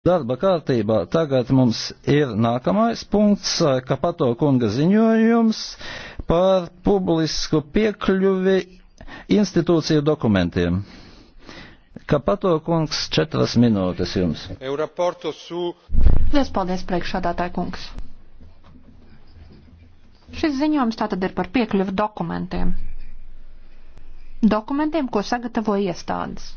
Darba kārtībā tagad mums ir nākamais punkts, eh, ka pato kunga ziņojums par publisku piekļuvi institūciju dokumentiem. Ka pato kungs četras minūtes jums. E Liels paldies, priekšādātāja kungs. Šis ziņojums tātad ir par piekļuvi dokumentiem. Dokumentiem, ko sagatavo iestādes.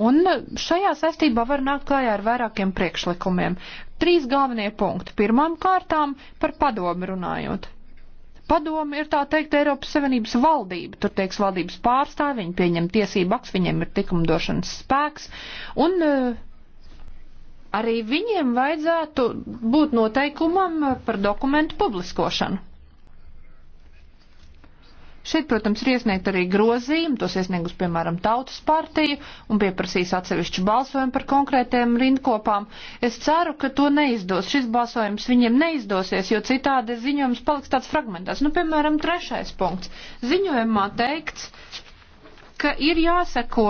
Un šajā saistībā var nākt klājā ar vairākiem priekšlikumiem. Trīs galvenie punkti. Pirmām kārtām par padomu runājot. Padomi ir tā teikt Eiropas Savienības valdība, tur tieks valdības pārstāvi, viņi pieņem tiesību aks, viņiem ir tikumdošanas spēks, un eh, arī viņiem vajadzētu būt noteikumam par dokumentu publiskošanu. Šeit, protams, ir iesniegt arī grozījumi, tos iesniegus, piemēram, Tautas partija un pieprasīs atsevišķu balsojumu par konkrētiem rindkopām. Es ceru, ka to neizdos. Šis balsojums viņiem neizdosies, jo citādi ziņojums paliks tāds fragmentās. Nu, piemēram, trešais punkts. Ziņojumā teikts, ka ir jāseko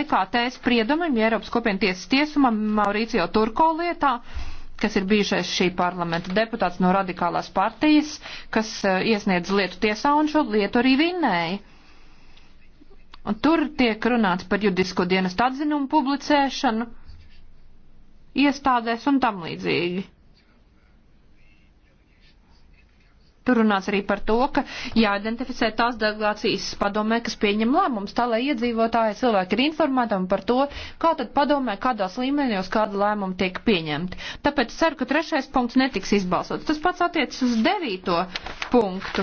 EKT spriedumam, ja Eiropas kopienas tiesas tiesumam Maurīcijo Turko lietā kas ir bijušais šī parlamenta deputāts no radikālās partijas, kas eh, iesniedz lietu tiesā un šo lietu arī vinnēja. Un tur tiek runāts par judisko dienestu atzinumu publicēšanu iestādēs un tam līdzīgi. Tur runāts arī par to, ka jāidentificē tās delegācijas padomē, kas pieņem lēmumus, tā lai iedzīvotāji cilvēki ir informēti par to, kā tad padomē, kādās līmeņos kāda lēmuma tiek pieņemta. Tāpēc ceru, ka trešais punkts netiks izbalsots. Tas pats attiecas uz devīto punktu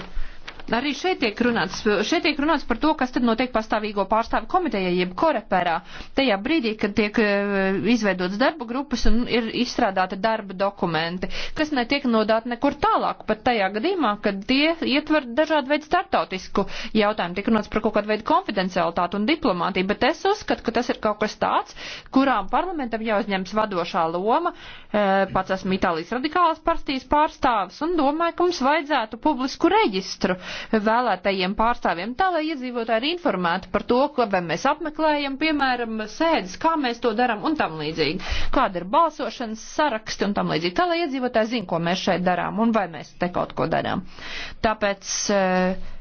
Arī šeit tiek, runāts, šeit tiek runāts par to, kas tad notiek pastāvīgo pārstāvu komitejā, jeb koreperā. Tajā brīdī, kad tiek eh, izveidots darba grupas un ir izstrādāti darba dokumenti, kas netiek nodāti nekur tālāk, pat tajā gadījumā, kad tie ietver dažādu veidu startautisku jautājumu. Tiek runāts par kaut kādu veidu konfidencialitāti un diplomātiju, bet es uzskatu, ka tas ir kaut kas tāds, kurām parlamentam jāuzņems vadošā loma. Eh, pats esmu Itālijas radikālas partijas pārstāvis un domāju, ka mums vajadzētu publisku reģistru vēlētajiem pārstāvjiem, tā lai iedzīvotāji ir informēti par to, ko mēs apmeklējam, piemēram, sēdes, kā mēs to darām un tam līdzīgi, kāda ir balsošanas saraksti un tam līdzīgi, tā lai iedzīvotāji zina, ko mēs šeit darām un vai mēs te kaut ko darām. Tāpēc eh,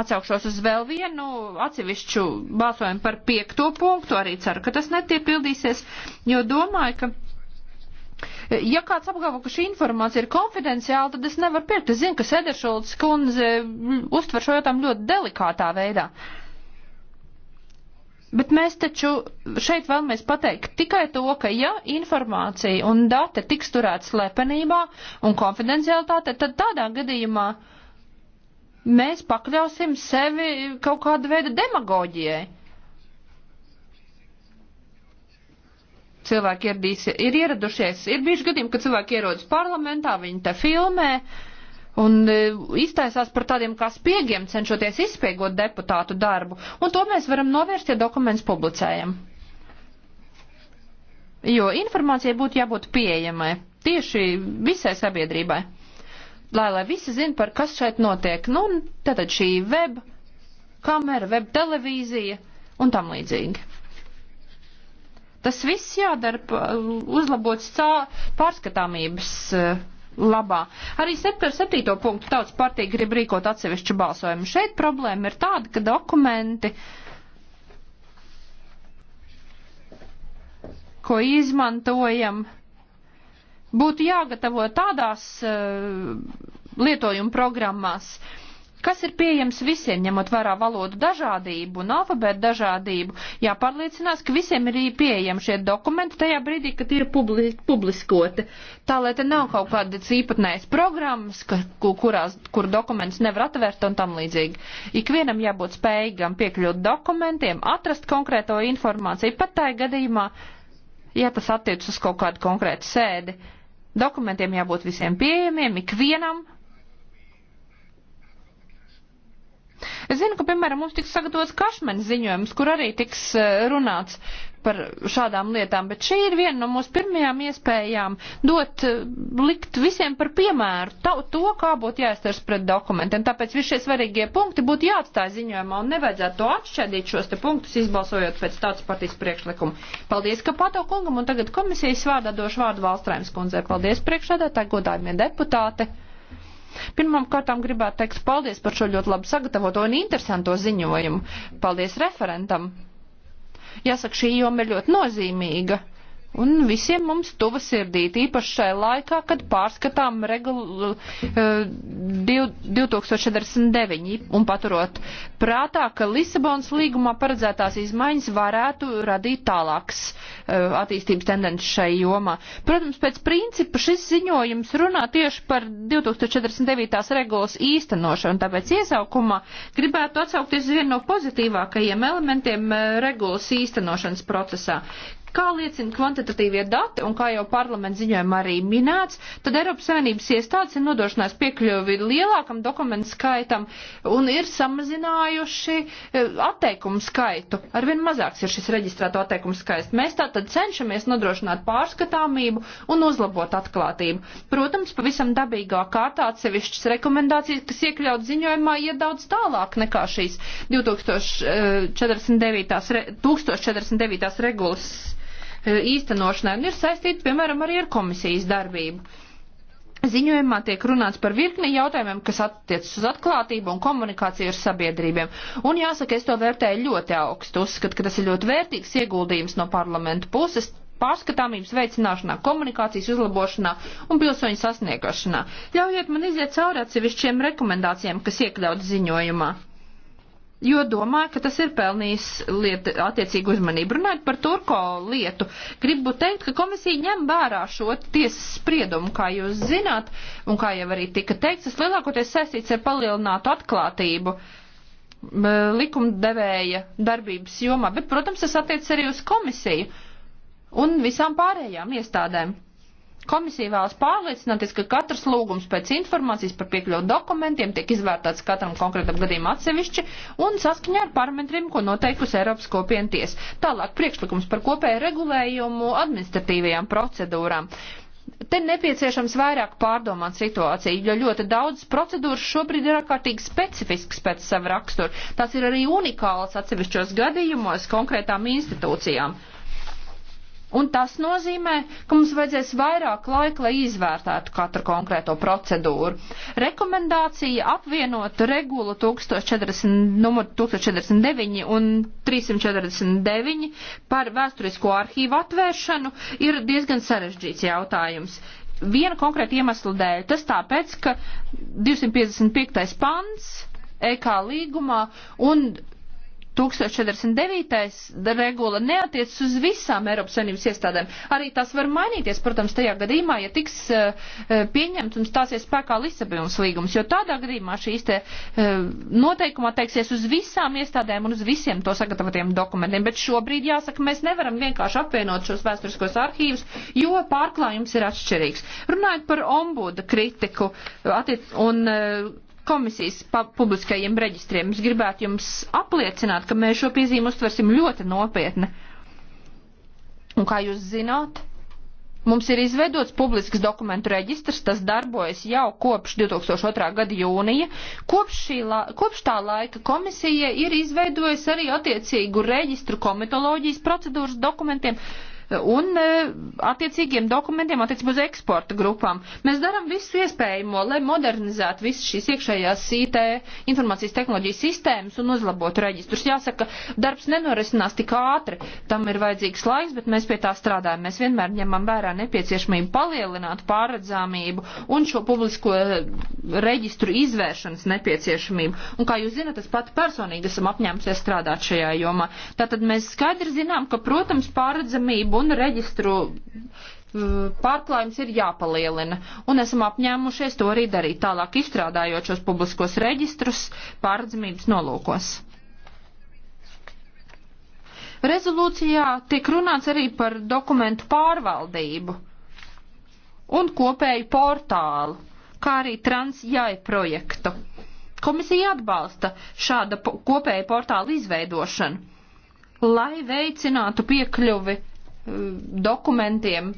atsaukšos uz vēl vienu atsevišķu balsojumu par piekto punktu, arī ceru, ka tas netiepildīsies, jo domāju, ka Ja kāds apgalvo, ka šī informācija ir konfidenciāla, tad es nevaru piekrist. Es zinu, ka Sederšolds kundze mm, uztver šo jautājumu ļoti delikātā veidā. Bet mēs taču šeit vēlamies pateikt tikai to, ka ja informācija un dati tiks turēt slepenībā un konfidenciālitāte, tad tādā gadījumā mēs pakļausim sevi kaut kāda veida demagoģijai. cilvēki ieradīs, ir ieradušies. Ir bijuši gadījumi, kad cilvēki ierodas parlamentā, viņi te filmē un e, iztaisās par tādiem kā spiegiem, cenšoties izspiegot deputātu darbu. Un to mēs varam novērst, ja dokuments publicējam. Jo informācija būtu jābūt pieejamai tieši visai sabiedrībai. Lai, lai visi zina, par kas šeit notiek. Nu, un tātad šī web kamera, web televīzija un tam līdzīgi. Tas viss jādara uzlabots pārskatāmības eh, labā. Arī par septīto punktu tautas partija grib rīkot atsevišķu balsojumu. Šeit problēma ir tāda, ka dokumenti, ko izmantojam, būtu jāgatavo tādās uh, eh, lietojuma programmās, uh, kas ir pieejams visiem, ņemot vērā valodu dažādību un alfabētu dažādību, jāpārliecinās, ka visiem ir pieejami šie dokumenti tajā brīdī, kad tie ir publi publiskoti. Tā, lai te nav kaut kādas īpatnējas programmas, ka, kurās, kur dokumentus nevar atvērt un tam līdzīgi. Ikvienam jābūt spējīgam piekļūt dokumentiem, atrast konkrēto informāciju, pat tā gadījumā, ja tas attiec uz kaut kādu konkrētu sēdi. Dokumentiem jābūt visiem pieejamiem, ikvienam Es zinu, ka, piemēram, mums tiks sagatavots kašmenis ziņojums, kur arī tiks eh, runāts par šādām lietām, bet šī ir viena no mūsu pirmajām iespējām dot, eh, likt visiem par piemēru to, to kā būtu jāizturas pret dokumentiem. Tāpēc visi šie svarīgie punkti būtu jāatstāj ziņojumā un nevajadzētu to atšķēdīt šos te punktus, izbalsojot pēc tautas partijas priekšlikumu. Paldies, ka pato kungam un tagad komisijas vārdā došu vārdu valstrēmas kundzei. Paldies priekšādā, tā godājumie deputāti. Pirmām kārtām gribētu teikt paldies par šo ļoti labi sagatavoto un interesanto ziņojumu. Paldies referentam. Jāsaka, šī joma ir ļoti nozīmīga Un visiem mums tuva sirdīt, īpaši šai laikā, kad pārskatām regulu uh, eh, 2049 un paturot prātā, ka Lisabonas līgumā paredzētās izmaiņas varētu radīt tālāks uh, eh, attīstības tendences šai jomā. Protams, pēc principa šis ziņojums runā tieši par 2049. regulas īstenošanu, tāpēc iesaukumā gribētu atsaukties uz vienu no pozitīvākajiem elementiem eh, regulas īstenošanas procesā, Kā liecina kvantitatīvie dati, un kā jau parlaments ziņojumā arī minēts, tad Eiropas Savienības iestādes ir nodošanās piekļuvi lielākam dokumentu skaitam un ir samazinājuši eh, atteikumu skaitu. Arvien mazāks ir šis reģistrēto atteikumu skaits. Mēs tātad cenšamies nodrošināt pārskatāmību un uzlabot atklātību. Protams, pavisam dabīgā kārtā atsevišķas rekomendācijas, kas iekļaut ziņojumā, iet daudz tālāk nekā šīs 2049. 1049. regulas E, īstenošanai un ir saistīti, piemēram, arī ar komisijas darbību. Ziņojumā tiek runāts par virkni jautājumiem, kas attiecas uz atklātību un komunikāciju ar sabiedrībiem. Un jāsaka, es to vērtēju ļoti augstu. Uzskatu, ka tas ir ļoti vērtīgs ieguldījums no parlamentu puses pārskatāmības veicināšanā, komunikācijas uzlabošanā un pilsoņu sasniegšanā. Ļaujiet man iziet cauri atsevišķiem rekomendācijām, kas iekļauts ziņojumā jo domāju, ka tas ir pelnījis lieta, attiecīgu uzmanību. Runājot par Turko lietu, gribu teikt, ka komisija ņem vērā šo tiesas spriedumu, kā jūs zināt, un kā jau arī tika teikts, tas lielākoties saistīts ar palielinātu atklātību likumdevēja darbības jomā, bet, protams, tas attiec arī uz komisiju un visām pārējām iestādēm. Komisija vēlas pārliecināties, ka katrs lūgums pēc informācijas par piekļuvu dokumentiem tiek izvērtāts katram konkrētam gadījumam atsevišķi un saskaņā ar parametriem, ko noteikusi Eiropas kopienu tiesa. Tālāk priekšlikums par kopēju regulējumu administratīvajām procedūrām. Te nepieciešams vairāk pārdomāt situāciju, jo ļoti daudz procedūras šobrīd ir ārkārtīgi specifisks pēc sava rakstura. Tās ir arī unikālas atsevišķos gadījumos konkrētām institūcijām. Un tas nozīmē, ka mums vajadzēs vairāk laika, lai izvērtētu katru konkrēto procedūru. Rekomendācija apvienot regulu 1040, numur 1049 un 349 par vēsturisko arhīvu atvēršanu ir diezgan sarežģīts jautājums. Viena konkrēta iemesla dēļ. Tas tāpēc, ka 255. pants EK līgumā un 1049. regula neatiec uz visām Eiropas Savienības iestādēm. Arī tas var mainīties, protams, tajā gadījumā, ja tiks uh, eh, eh, pieņemts un stāsies spēkā Lisabonas līgums, jo tādā gadījumā šīs te uh, noteikumā teiksies uz visām iestādēm un uz visiem to sagatavotiem dokumentiem. Bet šobrīd jāsaka, mēs nevaram vienkārši apvienot šos vēsturiskos arhīvus, jo pārklājums ir atšķirīgs. Runājot par ombuda kritiku attiec, un uh, komisijas publiskajiem reģistriem. Es gribētu jums apliecināt, ka mēs šo piezīmu uztversim ļoti nopietni. Un kā jūs zināt, mums ir izveidots publisks dokumentu reģistrs, tas darbojas jau kopš 2002. gada jūnija. Kopš, la, kopš tā laika komisija ir izveidojusi arī attiecīgu reģistru komitoloģijas procedūras dokumentiem, uh, un e, attiecīgiem dokumentiem attiecībā uz eksporta grupām. Mēs darām visu iespējamo, lai modernizētu visas šīs iekšējās IT informācijas tehnoloģijas sistēmas un uzlabotu reģistrus. Jāsaka, darbs nenorisinās tik ātri, tam ir vajadzīgs laiks, bet mēs pie tā strādājam. Mēs vienmēr ņemam vērā nepieciešamību palielināt pārredzāmību un šo publisko e, reģistru izvēršanas nepieciešamību. Un, kā jūs zinat, es pat personīgi esmu apņēmusies strādāt šajā jomā. Tātad mēs skaidri zinām, ka, protams, pārredzamību un reģistru mm, pārklājums ir jāpalielina, un esam apņēmušies to arī darīt tālāk, izstrādājot šos publiskos reģistrus pārdzimības nolūkos. Rezolūcijā tiek runāts arī par dokumentu pārvaldību un kopēju portālu, kā arī transjai projektu. Komisija atbalsta šāda kopēja portāla izveidošanu, lai veicinātu piekļuvi Eh, dokumentiem.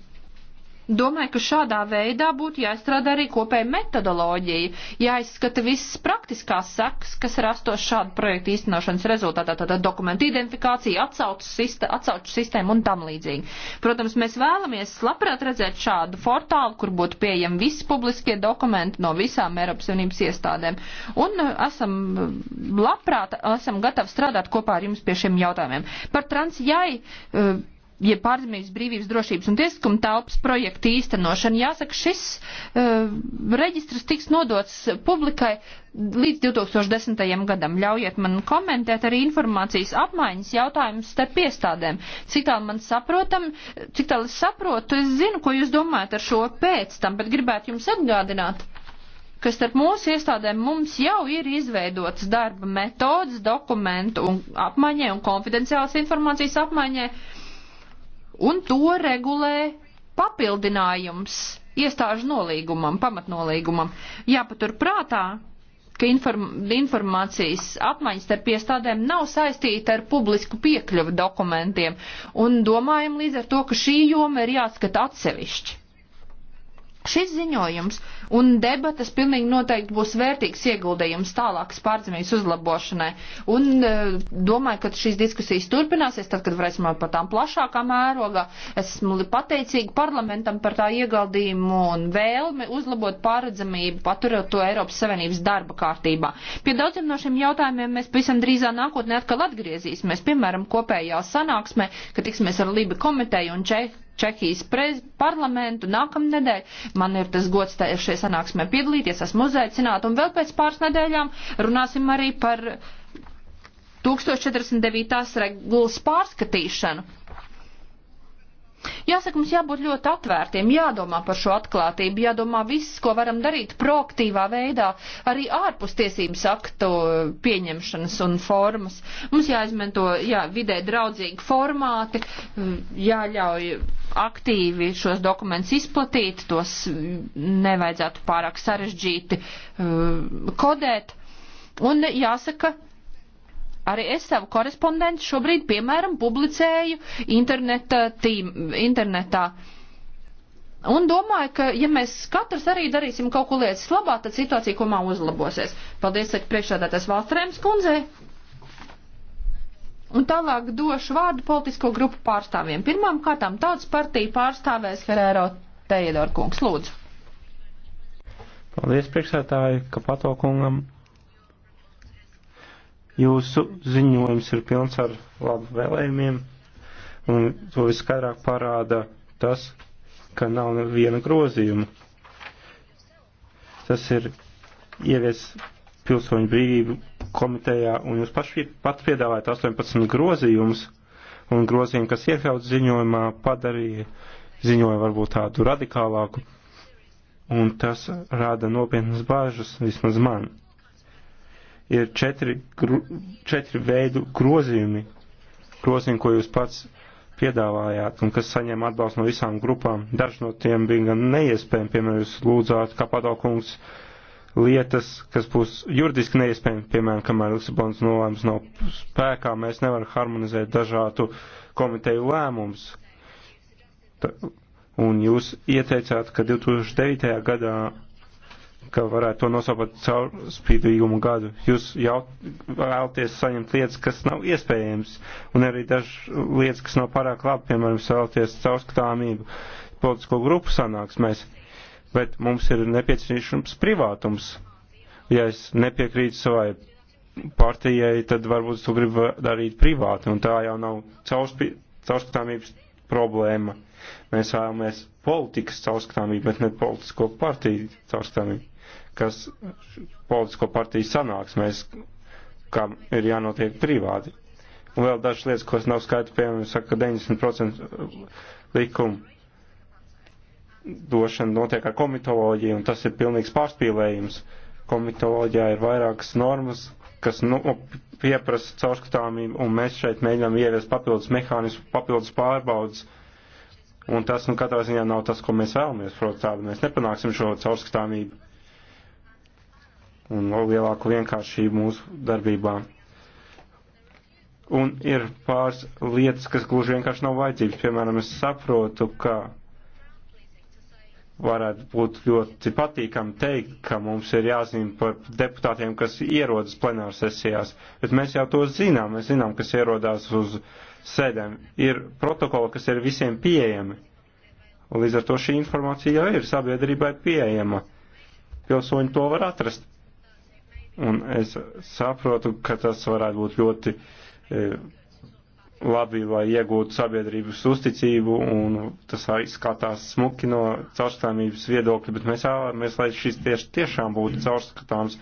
Domāju, ka šādā veidā būtu jāizstrādā arī kopēja metodoloģija, jāizskata visas praktiskās sekas, kas rastos šādu projektu īstenošanas rezultātā, tātad dokumentu identifikācija, atsauču, sistē, atsauču sistēma un tam līdzīgi. Protams, mēs vēlamies labprāt redzēt šādu portālu, kur būtu pieejami visi publiskie dokumenti no visām Eiropas Savienības iestādēm. Un eh, esam eh, labprāt, esam gatavi strādāt kopā ar jums pie šiem jautājumiem. Par transjai. Uh, ja pārzemības brīvības drošības un tiesiskuma telpas projekta īstenošana. Jāsaka, šis uh, reģistrs tiks nodots publikai līdz 2010. gadam. Ļaujiet man komentēt arī informācijas apmaiņas jautājumus starp iestādēm. Cik tālu man saprotam, cik tālu es saprotu, es zinu, ko jūs domājat ar šo pēc tam, bet gribētu jums atgādināt ka starp mūsu iestādēm mums jau ir izveidotas darba metodas, dokumentu un apmaiņai un konfidenciālas informācijas apmaiņai un to regulē papildinājums iestāžu nolīgumam, pamatnolīgumam. Jāpatur prātā, ka inform informācijas apmaiņas starp iestādēm nav saistīta ar publisku piekļuvu dokumentiem, un domājam līdz ar to, ka šī joma ir jāskata atsevišķi. Šis ziņojums un debatas pilnīgi noteikti būs vērtīgs ieguldījums tālākas pārdzimības uzlabošanai. Un e, domāju, ka šīs diskusijas turpināsies, tad, kad varēsim par tām plašākā mērogā. Esmu pateicīga parlamentam par tā ieguldījumu un vēlmi uzlabot pārdzimību, paturot to Eiropas Savienības darba kārtībā. Pie daudziem no šiem jautājumiem mēs pavisam drīzā nākotnē atkal atgriezīsimies. Piemēram, kopējā sanāksmē, kad tiksimies ar Liba komiteju un Čehu Čehijas prez, parlamentu nākamnedēļ. Man ir tas gods šajā sanāksmē piedalīties, esmu uzaicināta un vēl pēc pāris nedēļām runāsim arī par 1049. regulas pārskatīšanu. Jāsaka, mums jābūt ļoti atvērtiem, jādomā par šo atklātību, jādomā viss, ko varam darīt proaktīvā veidā, arī ārpus tiesības aktu pieņemšanas un formas. Mums jāizmanto jā, vidē draudzīgi formāti, jāļauj aktīvi šos dokumentus izplatīt, tos nevajadzētu pārāk sarežģīti uh, kodēt. Un jāsaka, arī es savu korespondentu šobrīd, piemēram, publicēju interneta tīm, internetā. Un domāju, ka ja mēs katrs arī darīsim kaut ko lietas labā, tad situācija komā uzlabosies. Paldies, saka priekšādātais Valstrēms kundzei. Un tālāk došu vārdu politisko grupu pārstāvjiem. Pirmām kārtām tautas partija pārstāvēs Herēro Teidor kungs. Lūdzu. Paldies, priekšsētāji, ka patokungam. Jūsu ziņojums ir pilns ar labu vēlējumiem, un to viskairāk parāda tas, ka nav neviena grozījuma. Tas ir ievies pilsoņu brīvību komitejā, un jūs paši pat piedāvājat 18 grozījumus, un grozījumi, kas iekļauts ziņojumā, padarīja ziņojumu varbūt tādu radikālāku, un tas rada nopietnas bāžas vismaz man. Ir četri, gru, četri veidu grozījumi, grozījumi, ko jūs pats piedāvājāt un kas saņem atbalstu no visām grupām. Daži no tiem bija gan neiespējami, piemēram, jūs lūdzāt, kā padalkums, uh, lietas, kas būs juridiski neiespējami, piemēram, kamēr Lisabonas nolēmums nav spēkā, mēs nevaram harmonizēt dažādu komiteju lēmumus. Un jūs ieteicāt, ka 2009. gadā, ka varētu to nosaukt caur spīdīgumu gadu, jūs jau vēlties saņemt lietas, kas nav iespējams, un arī dažas lietas, kas nav pārāk labi, piemēram, vēlties caurskatāmību politisko grupu sanāksmēs. Mēs bet mums ir nepieciešams privātums. Ja es nepiekrītu savai partijai, tad varbūt to grib darīt privāti, un tā jau nav caurskatāmības problēma. Mēs vēlamies politikas caurskatāmību, bet ne politisko partiju caurskatāmību. Kas politisko partiju sanāks, mēs, kam ir jānotiek privāti. Un vēl dažas lietas, ko es nav skaitu, piemēram, saka, ka 90% likumu likumdošana notiek ar komitoloģiju, un tas ir pilnīgs pārspīlējums. Komitoloģijā ir vairākas normas, kas nu, pieprasa caurskatāmību, un mēs šeit mēģinām ieviest papildus mehānismu, papildus pārbaudas, un tas, nu, katrā ziņā nav tas, ko mēs vēlamies, protams, tādu mēs nepanāksim šo caurskatāmību un vēl lielāku vienkāršību mūsu darbībā. Un ir pāris lietas, kas gluži vienkārši nav vajadzības. Piemēram, es saprotu, ka varētu būt ļoti patīkami teikt, ka mums ir jāzina par deputātiem, kas ierodas plenāru sesijās, bet mēs jau to zinām, mēs zinām, kas ierodās uz sēdēm. Ir protokoli, kas ir visiem pieejami. Līdz ar to šī informācija jau ir sabiedrībai pieejama. Pilsoņi to var atrast. Un es saprotu, ka tas varētu būt ļoti. E, labi, lai iegūtu sabiedrības uzticību, un tas izskatās smuki no caurskatāmības viedokļa, bet mēs vēlamies, lai šis tieši tiešām būtu caurskatāms.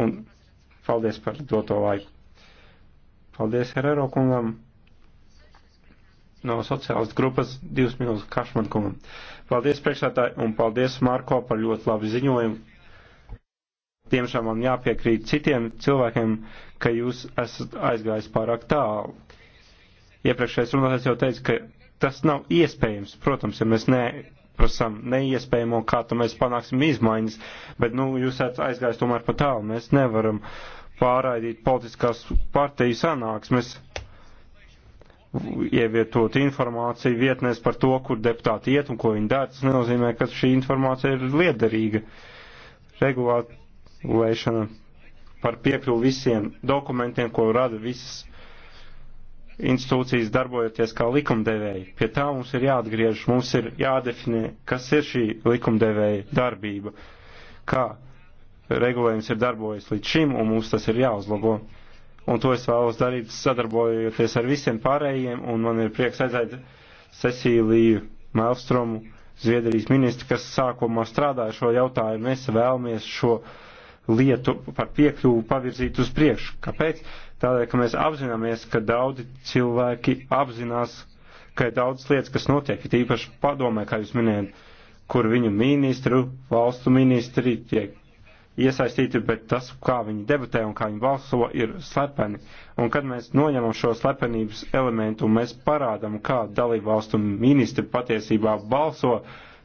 Un paldies par doto laiku. Paldies Herero kungam no sociālas grupas divas minūtes Kašman kungam. Paldies priekšsētāji un paldies Marko par ļoti labu ziņojumu, Diemžēl man jāpiekrīt citiem cilvēkiem, ka jūs esat aizgājis pārāk tālu. Iepriekšējais runātājs jau teica, ka tas nav iespējams. Protams, ja mēs neprasam neiespējamo, kā tad mēs panāksim izmaiņas, bet, nu, jūs esat aizgājis tomēr pa tālu. Mēs nevaram pārraidīt politiskās partiju sanāksmes ievietot informāciju vietnēs par to, kur deputāti iet un ko viņi dara, tas nenozīmē, ka šī informācija ir liederīga. Regulāt lēšana par piekļuvu visiem dokumentiem, ko rada visas institūcijas darbojoties kā likumdevēji. Pie tā mums ir jāatgriež, mums ir jādefinē, kas ir šī likumdevēja darbība, kā regulējums ir darbojies līdz šim, un mums tas ir jāuzlabo. Un to es vēlos darīt sadarbojoties ar visiem pārējiem, un man ir prieks redzēt Cecīliju Melstromu, Zviedrijas ministru, kas sākumā strādāja šo jautājumu. Mēs vēlamies šo lietu par piekļuvu pavirzīt uz priekšu. Kāpēc? Tādēļ, ka mēs apzināmies, ka daudzi cilvēki apzinās, ka ir daudz lietas, kas notiek, ir īpaši padomē, kā jūs minējat, kur viņu ministru, valstu ministri tiek iesaistīti, bet tas, kā viņi debatē un kā viņi balso, ir slepeni. Un kad mēs noņemam šo slepenības elementu un mēs parādam, kā dalību valstu ministri patiesībā balso,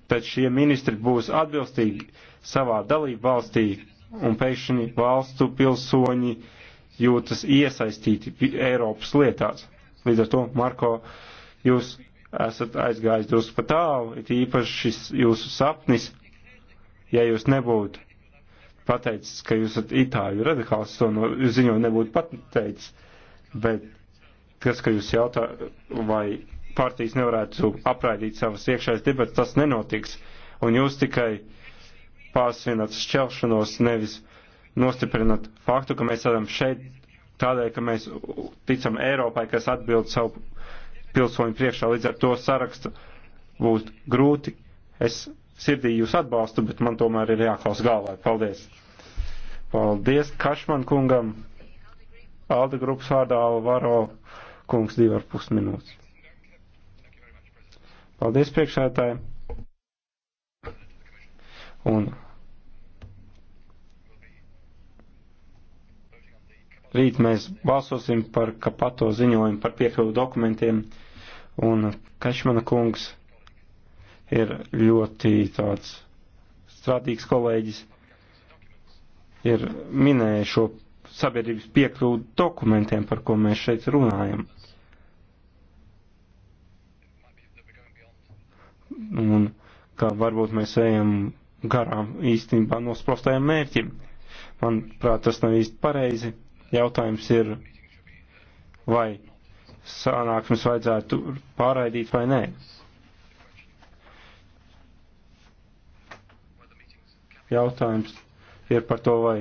tad šie ministri būs atbilstīgi savā dalību valstī, un pēkšņi valstu pilsoņi jūtas iesaistīti Eiropas lietās. Līdz ar to, Marko, jūs esat aizgājis drusku pa tālu, it īpaši šis jūsu sapnis, ja jūs nebūtu pateicis, ka jūs esat itāļu radikāls, to no ziņo nebūtu pateicis, bet tas, ka jūs jautā, vai partijas nevarētu apraidīt savas iekšējas debatas, tas nenotiks, un jūs tikai uh, pārsvinat šķelšanos, nevis nostiprinat faktu, ka mēs esam šeit tādēļ, ka mēs ticam Eiropai, kas atbild savu pilsoņu priekšā. Līdz ar to sarakstu būs grūti. Es sirdī jūs atbalstu, bet man tomēr ir jāklaus galvā. Paldies! Paldies Kašman kungam! Alda grupas vārdā Alvaro kungs divi ar pus minūtes. Paldies priekšētāji! Un rīt mēs balsosim par kapato ziņojumu par piekļuvu dokumentiem, un Kašmana kungs ir ļoti tāds strādīgs kolēģis, ir minējis šo sabiedrības piekļuvu dokumentiem, par ko mēs šeit runājam. Un kā varbūt mēs ejam garām īstenībā nosprostajam mērķim. Manuprāt, tas nav īsti pareizi. Jautājums ir, vai sanāksmes vajadzētu pārraidīt vai nē. Jautājums ir par to, vai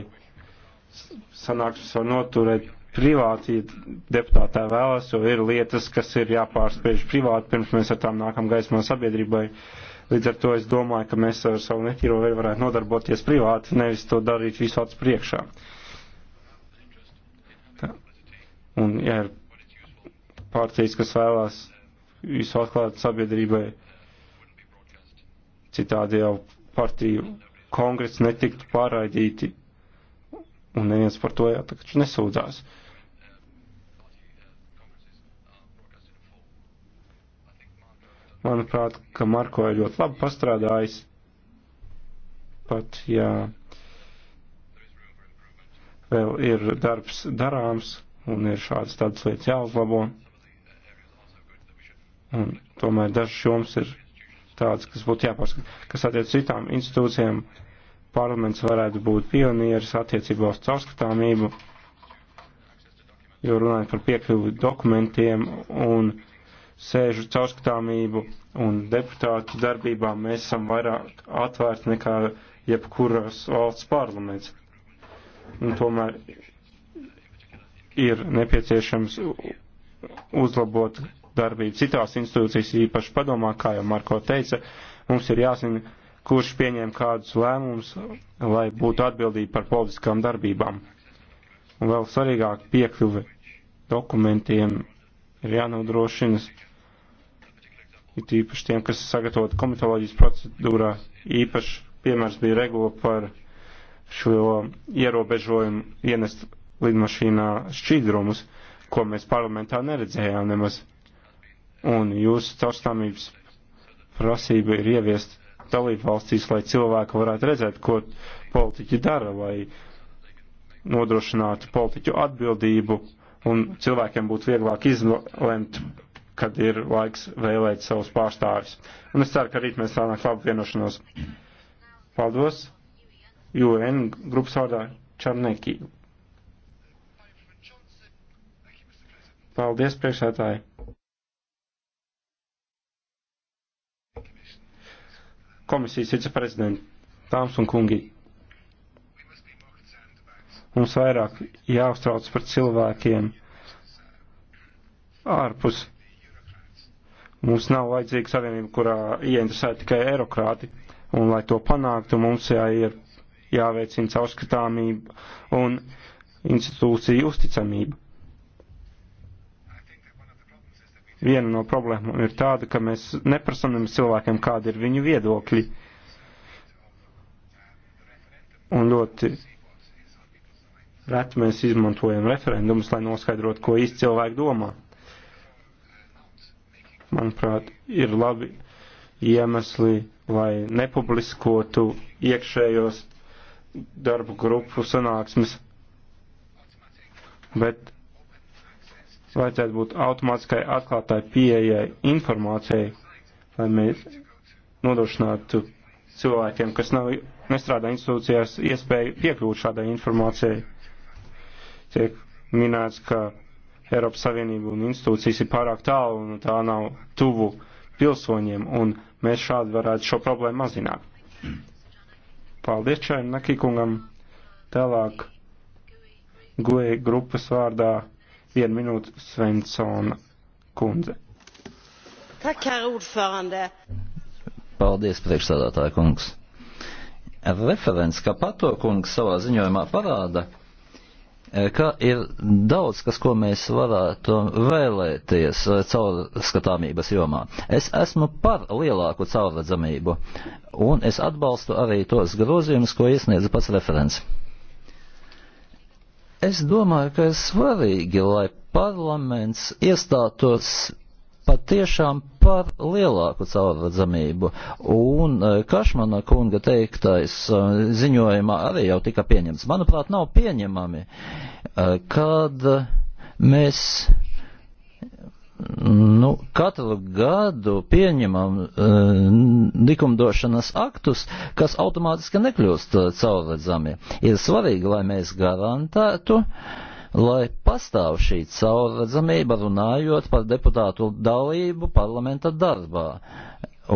sanāksmes var noturēt privāti, ja deputātā vēlas, jo ir lietas, kas ir jāpārspiež privāti, pirms mēs ar tām nākam gaismā sabiedrībai. Uh, Līdz ar to es domāju, ka mēs ar savu netīro vēl varētu nodarboties privāti, nevis to darīt visu acu priekšā. Tā. Un, ja ir pārcīs, kas vēlās visu atklāt sabiedrībai, citādi jau partiju kongress netiktu pārraidīti, un neviens par to jau tagad nesūdzās. Manuprāt, ka Marko ir ļoti labi pastrādājis, pat ja vēl ir darbs darāms un ir šādas tādas lietas jāuzlabo. Un tomēr dažas joms ir tādas, kas būtu jāpārskata. Kas attiec citām institūcijām, parlaments varētu būt pionieris attiecībā uz caurskatāmību, jo runājot par piekļuvi dokumentiem un sēžu caurskatāmību un deputātu darbībām mēs esam vairāk atvērti nekā jebkuras valsts parlaments. Un tomēr ir nepieciešams uzlabot darbību citās institūcijas, īpaši padomā, kā jau Marko teica, mums ir jāzina, kurš pieņēma kādus lēmumus, lai būtu atbildība par politiskām darbībām. Un vēl svarīgāk piekļuve dokumentiem ir jānodrošina it īpaši tiem, kas sagatavot komitoloģijas procedūrā. Īpaši piemērs bija regula par šo ierobežojumu ienest lidmašīnā šķīdrumus, ko mēs parlamentā neredzējām nemaz. Un jūsu caurstāmības prasība ir ieviest dalību valstīs, lai cilvēki varētu redzēt, ko politiķi dara, lai nodrošinātu politiķu atbildību un cilvēkiem būtu vieglāk izlemt, kad ir laiks vēlēt savus pārstāvis. Un es ceru, ka rīt mēs vēlamies labu vienošanos. Paldos! UN grupas vārdā Čarneki. Paldies, priekšētāji! Komisijas viceprezidents, dāmas un kungi, mums vairāk jāuztrauc par cilvēkiem ārpus Mums nav vajadzīga savienība, kurā ieinteresēti tikai eirokrāti, un lai to panāktu, mums jā, ir jāveicina caurskatāmība un institūcija uzticamība. Viena no problēmām ir tāda, ka mēs neprasam cilvēkiem, kādi ir viņu viedokļi. Un ļoti reti mēs izmantojam referendumus, lai noskaidrotu, ko īsti cilvēki domā manuprāt, ir labi iemesli, lai nepubliskotu iekšējos darbu grupu sanāksmes, bet vajadzētu būt automātiskai atklātai pieejai informācijai, lai mēs nodrošinātu cilvēkiem, kas nav, nestrādā institūcijās, iespēju piekļūt šādai informācijai. Tiek minēts, ka Eiropas Savienība un institūcijas ir pārāk tālu un tā nav tuvu pilsoņiem, un mēs šādi varētu šo problēmu mazināt. Paldies Čaim Nakikungam. Tālāk Guē grupas vārdā vienu minūtu Svensona kundze. Paldies, priekšsādātāja kungs. Referents Kapato kungs savā ziņojumā parāda, Eh, ka ir daudz, kas, ko mēs varētu vēlēties eh, caurskatāmības jomā. Es esmu par lielāku caurredzamību, un es atbalstu arī tos grozījumus, ko iesniedza pats referents. Es domāju, ka ir svarīgi, lai parlaments iestātos patiešām par lielāku caurredzamību. Un e, Kašmana kunga teiktais e, ziņojumā arī jau tika pieņemts. Manuprāt, nav pieņemami, e, kad mēs nu, katru gadu pieņemam likumdošanas aktus, kas automātiski nekļūst caurredzami. Ir svarīgi, lai mēs garantētu, uh, lai pastāv šī caurredzamība runājot par deputātu dalību parlamenta darbā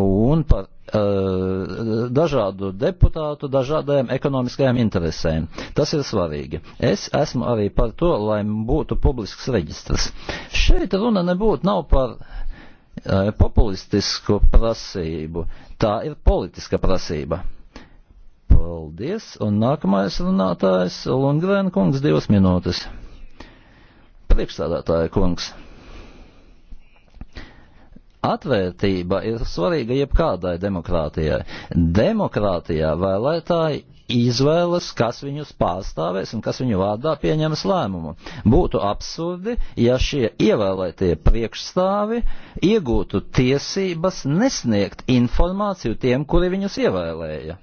un par uh, dažādu deputātu dažādajām ekonomiskajām interesēm. Tas ir svarīgi. Es esmu arī par to, lai būtu publisks reģistrs. Šeit runa nebūtu nav par uh, populistisku prasību. Tā ir politiska prasība. Paldies, un nākamais runātājs Lundgren kungs divas minūtes. Priekšstādātāja kungs. Atvērtība ir svarīga jebkādai demokrātijai. Demokrātijā vēlētāji izvēlas, kas viņus pārstāvēs un kas viņu vārdā pieņemas lēmumu. Būtu absurdi, ja šie ievēlētie priekšstāvi iegūtu tiesības nesniegt informāciju tiem, kuri viņus ievēlēja.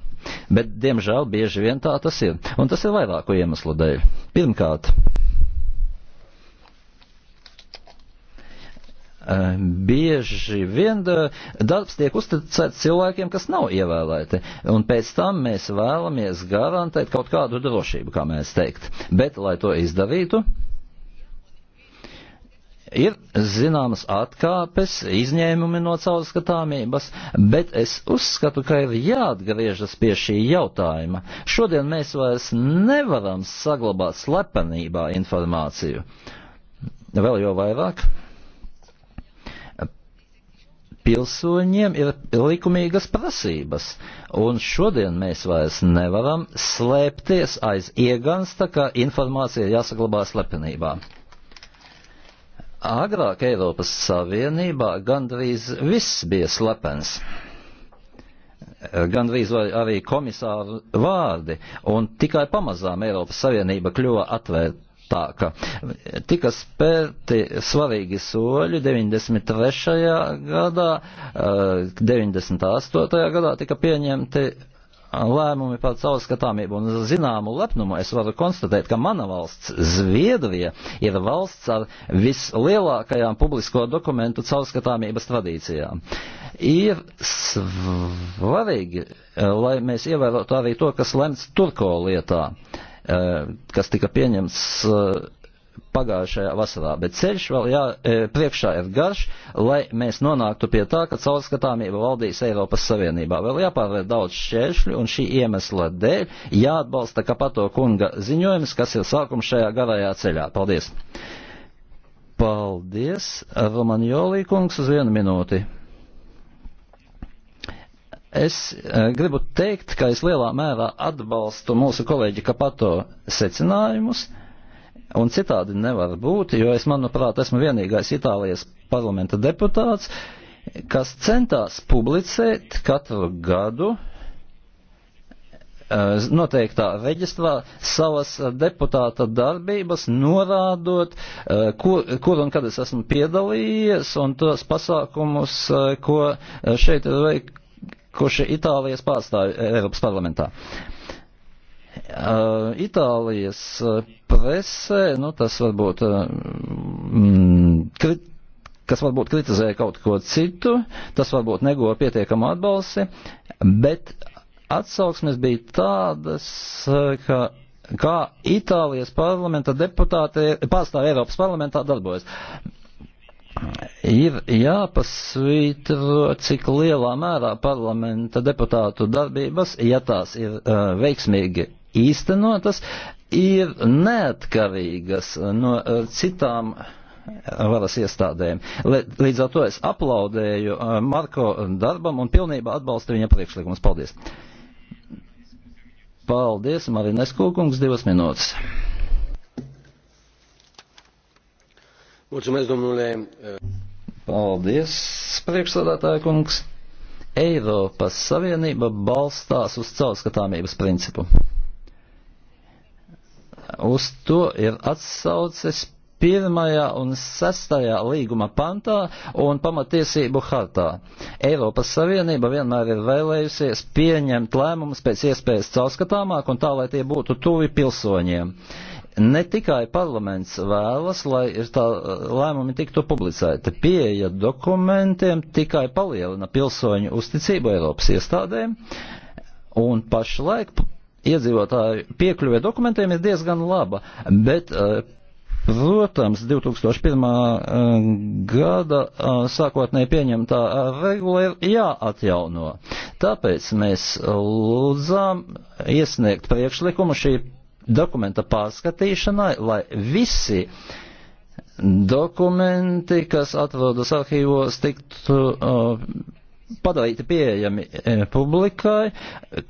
Bet, diemžēl, bieži vien tā tas ir, un tas ir vairāku iemeslu dēļ. Pirmkārt, Ehm, bieži vien eh, darbs tiek uzticēts cilvēkiem, kas nav ievēlēti, un pēc tam mēs vēlamies garantēt kaut kādu drošību, kā mēs teikt. Bet, lai to izdarītu, ir zināmas atkāpes, izņēmumi no caurskatāmības, bet es uzskatu, ka ir jāatgriežas pie šī jautājuma. Šodien mēs vairs nevaram saglabāt slepenībā informāciju. Vēl jau vairāk pilsoņiem ir likumīgas prasības, un šodien mēs vairs nevaram slēpties aiz iegansta, ka informācija jāsaglabā slepenībā. Agrāk Eiropas Savienībā gandrīz viss bija slepens. Gandrīz arī komisāru vārdi, un tikai pamazām Eiropas Savienība kļuva atvērta tā, ka tika spērti svarīgi soļi 93. gadā, 98. Eh, gadā tika pieņemti lēmumi par caurskatāmību un zināmu lepnumu es varu konstatēt, ka mana valsts, Zviedrija, ir valsts ar vislielākajām publisko dokumentu caurskatāmības tradīcijām. Ir svarīgi, eh, lai mēs ievērotu arī to, kas lemts Turko lietā. Uh, Eh, kas tika pieņemts eh, pagājušajā vasarā, bet ceļš vēl jā, eh, priekšā ir garš, lai mēs nonāktu pie tā, ka caurskatāmība valdīs Eiropas Savienībā. Vēl jāpārvēr daudz šķēršļu, un šī iemesla dēļ jāatbalsta Kapato kunga ziņojums, kas ir sākums šajā garajā ceļā. Paldies! Paldies, Romanjolī kungs, uz vienu minūti. Es e, gribu teikt, ka es lielā mērā atbalstu mūsu kolēģi Kapato secinājumus, un citādi nevar būt, jo es, manuprāt, esmu vienīgais Itālijas parlamenta deputāts, kas centās publicēt katru gadu eh, noteiktā reģistrā savas deputāta darbības, norādot, eh, kur, kur un kad es esmu piedalījies un tos pasākumus, ko šeit ir kurš ir Itālijas pārstāvi eh, Eiropas parlamentā. Uh, Itālijas eh, presē, nu tas varbūt, mm, krit, kas varbūt kritizē kaut ko citu, tas varbūt neguva pietiekamu atbalsi, bet atsauksmes bija tādas, ka kā Itālijas parlamenta deputāti pārstāv Eiropas parlamentā darbojas. Ir jāpasvītro, cik lielā mērā parlamenta deputātu darbības, ja tās ir uh, veiksmīgi īstenotas, ir neatkarīgas no uh, citām varas iestādēm. Līdz ar to es aplaudēju Marko darbam un pilnībā atbalstu viņa priekšlikumus. Paldies! Paldies, Marines Kūkungs, divas minūtes. Mulțumesc, domnule. Paldies, priekšsādātāja kungs. Eiropas Savienība balstās uz caurskatāmības principu. Uz to ir atsauces pirmajā un sestajā līguma pantā un pamatiesību hartā. Eiropas Savienība vienmēr ir vēlējusies pieņemt lēmumus pēc iespējas caurskatāmāk un tā, lai tie būtu tuvi pilsoņiem. Ne tikai parlaments vēlas, lai ir tā eh, lēmumi tiktu publicēti. Pieeja dokumentiem tikai palielina pilsoņu uzticību Eiropas iestādēm, un pašlaik iedzīvotāju piekļuve dokumentiem ir diezgan laba, bet uh, Protams, 2001. Eh, gada sākotnēji pieņemtā regula ir jāatjauno. Tāpēc mēs lūdzām iesniegt priekšlikumu šī dokumenta pārskatīšanai, lai visi dokumenti, kas atrodas arhīvos, tiktu uh, padarīti pieejami e, publikai.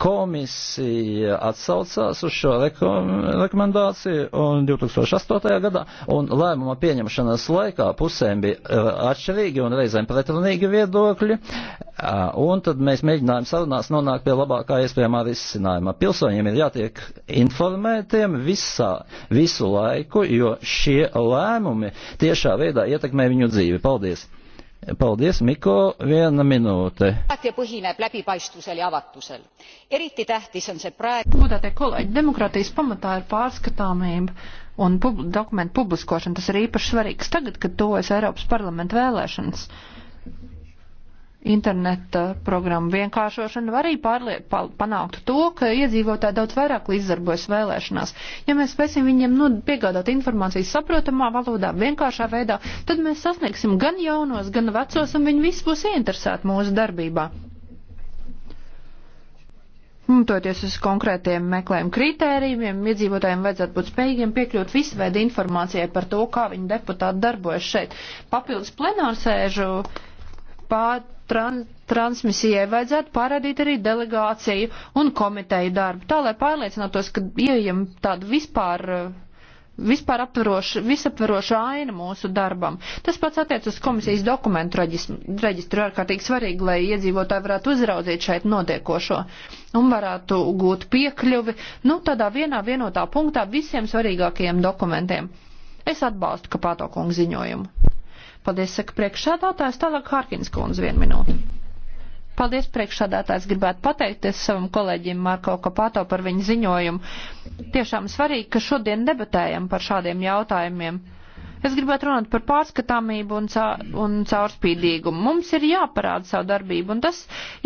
Komisija atsaucās uz šo rekom rekomendāciju un 2008. gadā, un lēmuma pieņemšanas laikā pusēm bija e, atšķirīgi un reizēm pretrunīgi viedokļi, un tad mēs mēģinājām sarunās nonākt pie labākā iespējamā risinājuma. Pilsoņiem ir jātiek informētiem visā, visu laiku, jo šie lēmumi tiešā veidā ietekmē viņu dzīvi. Paldies! Paldies, Miko, viena minūte. Eriti tähtis on see praegu. Godātie kolēģi, demokrātijas pamatā ir pārskatāmība un pub dokumentu publiskošana. Tas ir īpaši svarīgs tagad, kad tojas Eiropas parlamenta vēlēšanas interneta programmu vienkāršošana var arī pārlie, pa, panākt to, ka iedzīvotāji daudz vairāk līdzdarbojas vēlēšanās. Ja mēs spēsim viņiem nu, piegādāt informāciju saprotamā valodā, vienkāršā veidā, tad mēs sasniegsim gan jaunos, gan vecos, un viņi visi būs ieinteresēti mūsu darbībā. Pamatoties uz konkrētiem meklējuma kritērijiem, iedzīvotājiem vajadzētu būt spējīgiem piekļūt visveida informācijai par to, kā viņi deputāti darbojas šeit. Papildus plenārsēžu pār, tran transmisijai vajadzētu parādīt arī delegāciju un komiteju darbu, tā lai pārliecinātos, ka ieejam tādu vispār vispār aptveroša, visaptveroša aina mūsu darbam. Tas pats attiec uz komisijas dokumentu reģistru ārkārtīgi svarīgi, lai iedzīvotāji varētu uzraudzīt šeit notiekošo un varētu gūt piekļuvi, nu, tādā vienā vienotā punktā visiem svarīgākajiem dokumentiem. Es atbalstu Kapāto kungu ziņojumu paldies, saka priekšsādātājs. Tālāk Harkins kundze vienu minūti. Paldies, priekšsādātājs. Gribētu pateikties savam kolēģim Marko Kapato par viņu ziņojumu. Tiešām svarīgi, ka šodien debatējam par šādiem jautājumiem Es gribētu runāt par pārskatāmību un, ca un caurspīdīgumu. Mums ir jāparāda savu darbību, un tas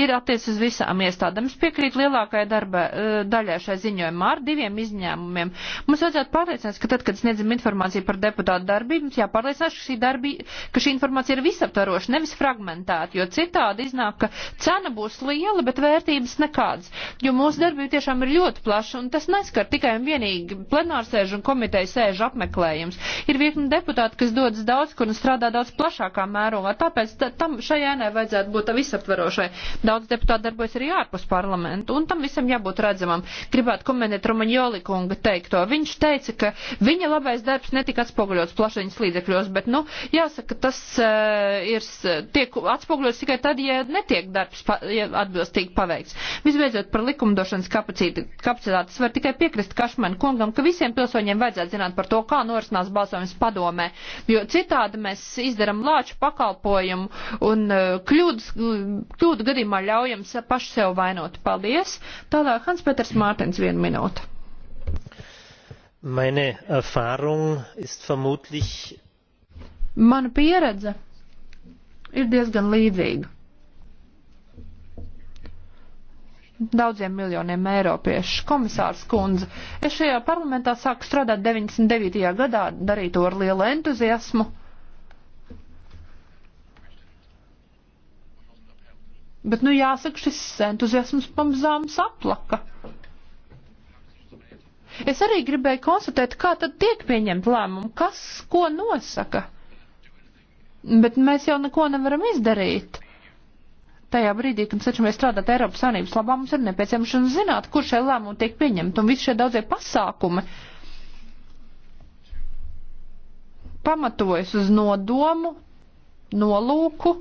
ir attiec uz visām iestādēm. Es piekrītu lielākajai darba, eh, daļai šai ziņojumā ar diviem izņēmumiem. Mums vajadzētu pārliecināties, ka tad, kad sniedzam informāciju par deputātu darbību, mums jāpārliecinās, ka šī, darbī, ka šī informācija ir visaptvaroša, nevis fragmentēta, jo citādi iznāk, ka cena būs liela, bet vērtības nekādas. Jo mūsu darbība tiešām ir ļoti plaša, un tas neskar tikai un vienīgi plenārsēžu un komiteju sēžu apmeklējums. Ir virkni deputāti, kas dodas daudz, kur un strādā daudz plašākā mērogā. Tāpēc tam šai ēnai vajadzētu būt visaptverošai. Daudz deputāti darbojas arī ārpus parlamentu, un tam visam jābūt redzamam. Gribētu komentēt Romaņoli kunga teikto. Viņš teica, ka viņa labais darbs netika atspoguļots plašiņas līdzekļos, bet, nu, jāsaka, tas uh, ir, tiek atspoguļots tikai tad, ja netiek darbs pa, ja atbilstīgi paveikts. Visbeidzot, par likumdošanas kapacitātes var tikai piekrist Kašmanu kungam, ka visiem pilsoņiem vajadzētu zināt par to, kā norisinās balsojums padomu padomē, jo citādi mēs izdaram lāču pakalpojumu un e, kļūdas, e, kļūdu gadījumā ļaujam paši sev vainot. Paldies! Tālāk Hans Peters Mārtens vienu minūtu. Meine Erfahrung ist vermutlich. Mana pieredze ir diezgan līdzīga. daudziem miljoniem eiropiešu. Komisārs Kundze, es šajā parlamentā sāku strādāt 99. gadā, darīju to ar lielu entuziasmu. Bet, nu, jāsaka, šis entuziasms pamazām saplaka. Es arī gribēju konstatēt, kā tad tiek pieņemt lēmumu, kas ko nosaka. Bet mēs jau neko nevaram izdarīt tajā brīdī, kad sečamies strādāt Eiropas Savienības labā, mums ir nepieciešams zināt, kur šie lēmumi tiek pieņemti un visi šie daudzie pasākumi pamatojas uz nodomu, nolūku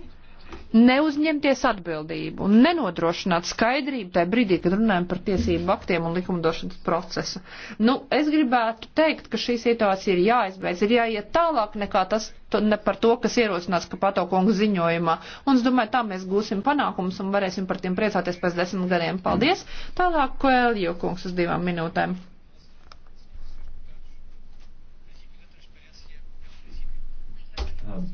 neuzņemties atbildību un nenodrošināt skaidrību tajā brīdī, kad runājam par tiesību aktiem un likumdošanas procesu. Nu, es gribētu teikt, ka šī situācija ir jāizbeidz, ir jāiet tālāk nekā tas to, ne par to, kas ierosinās Kapatokunga ziņojumā. Un es domāju, tā mēs gūsim panākumus un varēsim par tiem priecāties pēc desmit gadiem. Paldies! Tālāk, Koeljo kungs uz divām minūtēm. Um.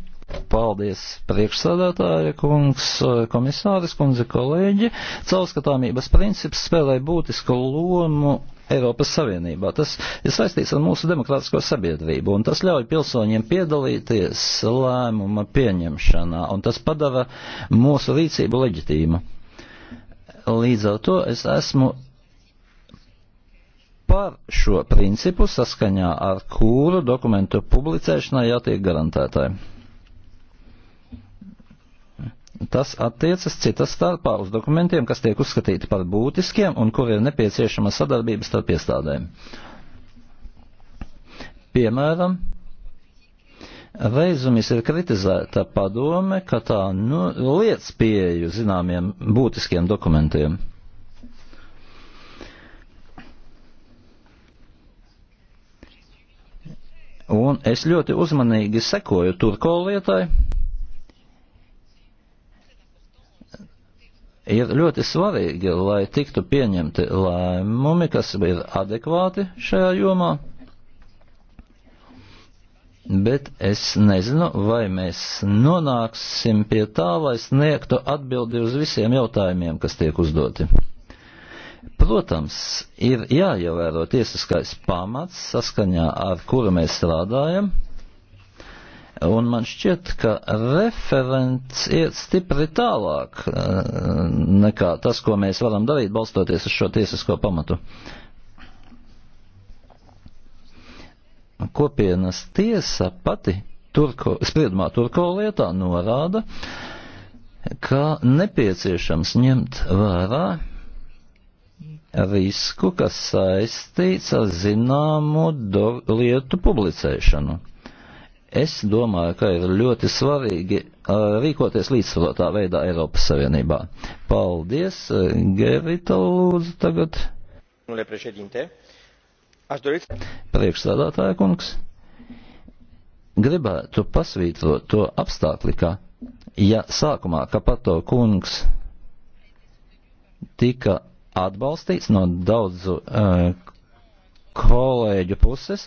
Paldies, priekšsādātāja kungs, komisāris kundze, kolēģi. Caurskatāmības princips spēlē būtisku lomu Eiropas Savienībā. Tas ir saistīts ar mūsu demokrātisko sabiedrību, un tas ļauj pilsoņiem piedalīties lēmuma pieņemšanā, un tas padara mūsu rīcību leģitīmu. Līdz ar to es esmu par šo principu saskaņā ar kuru dokumentu publicēšanai jātiek garantētai. Tas attiecas citas starpā uz dokumentiem, kas tiek uzskatīti par būtiskiem un kur ir nepieciešama sadarbība starp iestādēm. Piemēram, Reizumis ir kritizēta padome, ka tā nu, liec pieeju zināmiem būtiskiem dokumentiem. Un es ļoti uzmanīgi sekoju turko lietai, ir ļoti svarīgi, lai tiktu pieņemti lēmumi, kas ir adekvāti šajā jomā. Bet es nezinu, vai mēs nonāksim pie tā, lai sniegtu atbildi uz visiem jautājumiem, kas tiek uzdoti. Protams, ir jāievēro tiesiskais pamats, saskaņā ar kuru mēs strādājam, Un man šķiet, ka referents iet stipri tālāk eh, nekā tas, ko mēs varam darīt, balstoties uz šo tiesisko pamatu. Kopienas tiesa pati turko, spriedumā turko lietā norāda, ka nepieciešams ņemt vērā risku, kas saistīts ar zināmu lietu publicēšanu. Es domāju, ka ir ļoti svarīgi rīkoties līdzsvarotā veidā Eiropas Savienībā. Paldies, Gerita Lūdzu tagad. Priekšstādātāja kungs, gribētu pasvītrot to apstākli, ka, ja sākumā Kapato kungs tika atbalstīts no daudzu uh, kolēģu puses.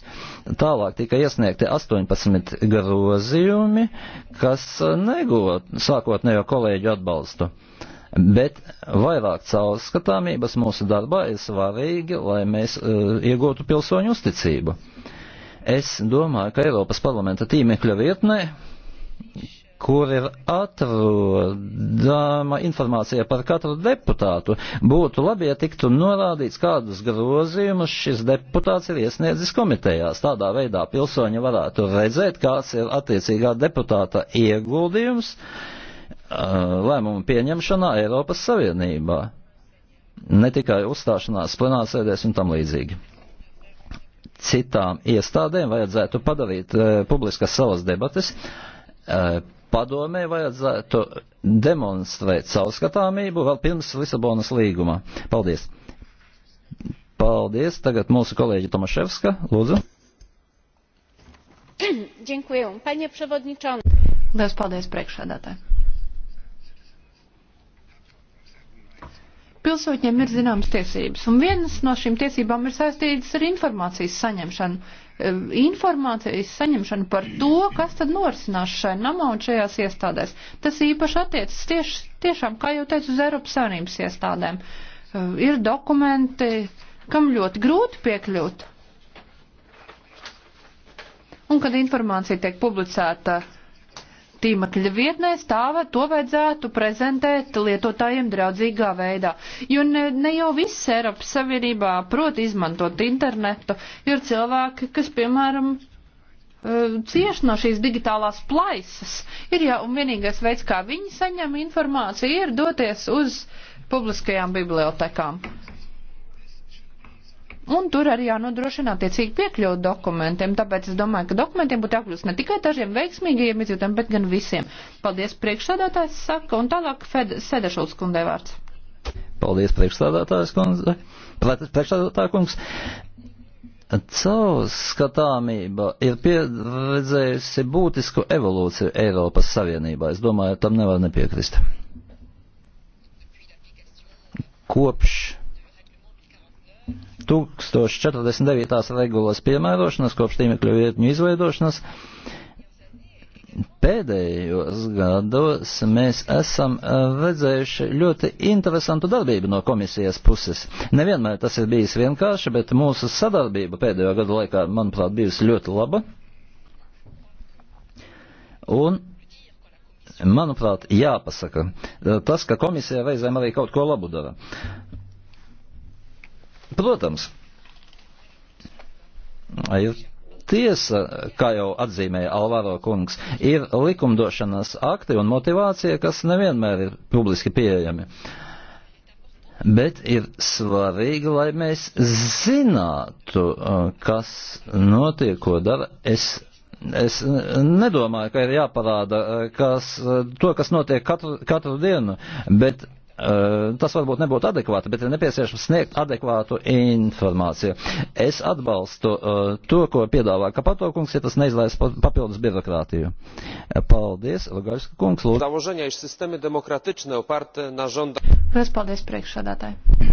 Tālāk tika iesniegti 18 grozījumi, kas negot sākotnējo kolēģu atbalstu. Bet vairāk caurskatāmības mūsu darbā ir svarīgi, lai mēs uh, iegūtu pilsoņu uzticību. Es domāju, ka Eiropas parlamenta tīmekļa vietnē kur ir atrodama informācija par katru deputātu. Būtu labi, ja tiktu norādīts, kādus grozījumus šis deputāts ir iesniedzis komitejās. Tādā veidā pilsoņi varētu redzēt, kāds ir attiecīgā deputāta ieguldījums lēmumu pieņemšanā Eiropas Savienībā. Ne tikai uzstāšanās plenārsēdēs un tam līdzīgi citām iestādēm vajadzētu padarīt e, publiskas savas debates, e, padomē vajadzētu demonstrēt caurskatāmību vēl pirms Lisabonas līguma. Paldies! Paldies! Tagad mūsu kolēģi Tomaševska, lūdzu. Dziękuję. Panie Przewodniczący. Liels paldies priekšādātāji. Pilsoņiem ir zināmas tiesības, un vienas no šīm tiesībām ir saistītas ar informācijas saņemšanu, Eh, informācijas saņemšanu par to, kas tad norisinās šai namā un šajās iestādēs. Tas īpaši attiecas tieši, tiešām, kā jau teicu, uz Eiropas Savienības iestādēm. Eh, ir dokumenti, kam ļoti grūti piekļūt. Un kad informācija tiek publicēta uh, tīmekļa vietnē stāva, to vajadzētu prezentēt lietotājiem draudzīgā veidā. Jo ne, ne jau viss Eiropas Savienībā prot izmantot internetu, ir cilvēki, kas, piemēram, eh, cieš no šīs digitālās plaisas. Ir jau un vienīgais veids, kā viņi saņem informāciju, ir doties uz publiskajām bibliotekām. Un tur arī jānodrošina attiecīgi piekļūt dokumentiem, tāpēc es domāju, ka dokumentiem būtu jākļūst ne tikai dažiem veiksmīgiem iedzīvotājiem, bet gan visiem. Paldies priekšsādātājs saka, un tālāk Fed, Sedešuls kundē vārds. Paldies priekšsādātājs kundze. Priekšsādātājs kungs. Caurskatāmība ir pieredzējusi būtisku evolūciju Eiropas Savienībā. Es domāju, tam nevar nepiekrist. Kopš 1049. regulas piemērošanas kopš tīmekļu vietņu izveidošanas pēdējos gados mēs esam e, redzējuši ļoti interesantu darbību no komisijas puses. Nevienmēr tas ir bijis vienkārši, bet mūsu sadarbība pēdējo gadu laikā, manuprāt, bijusi ļoti laba. Un, manuprāt, jāpasaka e, tas, ka komisija reizēm arī kaut ko labu dara. Protams, ir tiesa, kā jau atzīmēja Alvaro kungs, ir likumdošanas akti un motivācija, kas nevienmēr ir publiski pieejami. Bet ir svarīgi, lai mēs zinātu, kas notiek, ko dara. Es, es nedomāju, ka ir jāparāda kas, to, kas notiek katru, katru dienu, bet Eh, tas varbūt nebūtu adekvāti, bet ir nepieciešams sniegt adekvātu informāciju. Es atbalstu eh, to, ko piedāvā Kapato kungs, ja tas neizlaiž papildus birokrātiju. Eh, paldies, Lagaiska kungs. Lielas paldies priekšsādātāji.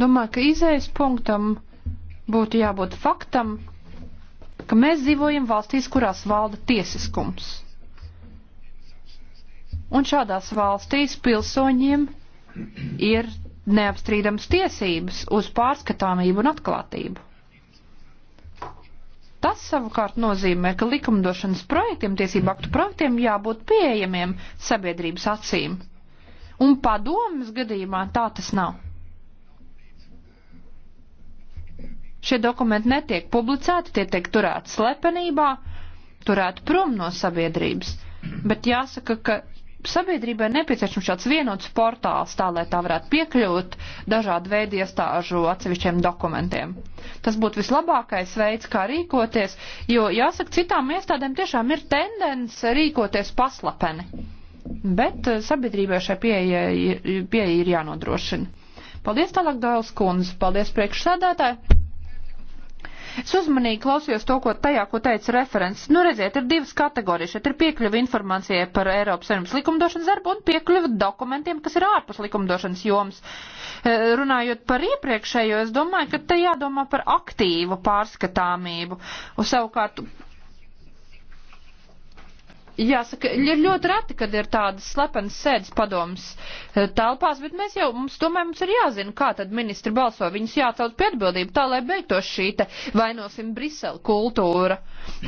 Domāju, ka izējas punktam būtu jābūt faktam, ka mēs dzīvojam valstīs, kurās valda tiesiskums Un šādās valstīs pilsoņiem ir neapstrīdams tiesības uz pārskatāmību un atklātību. Tas savukārt nozīmē, ka likumdošanas projektiem, tiesību aktu projektiem jābūt pieejamiem sabiedrības acīm. Un padomas gadījumā tā tas nav. Šie dokumenti netiek publicēti, tie tiek turēti slepenībā, turēti prom no sabiedrības. Bet jāsaka, ka sabiedrībai nepieciešams šāds vienots portāls, tā lai tā varētu piekļūt dažādu veidu iestāžu atsevišķiem dokumentiem. Tas būtu vislabākais veids, kā rīkoties, jo, jāsaka, citām iestādēm tiešām ir tendence rīkoties paslapeni. Bet eh, sabiedrībai šai pieeja, pieeja ir jānodrošina. Paldies tālāk, Dāls Kunz, paldies priekšsēdētāji! Es uzmanīgi klausījos to, ko tajā, ko teica referents. Nu, redziet, ir divas kategorijas. Šeit ir piekļuva informācijai par Eiropas Savienības likumdošanas darbu un piekļuva dokumentiem, kas ir ārpus likumdošanas joms. E, runājot par iepriekšējo, es domāju, ka te jādomā par aktīvu pārskatāmību. Un savukārt, jāsaka, ir ļoti reti, kad ir tādas slepenas sēdes padomas eh, telpās, bet mēs jau, mums tomēr mums ir jāzina, kā tad ministri balso, viņus jācauc pie atbildību, tā lai beigtos šī te vainosim Brisele kultūra.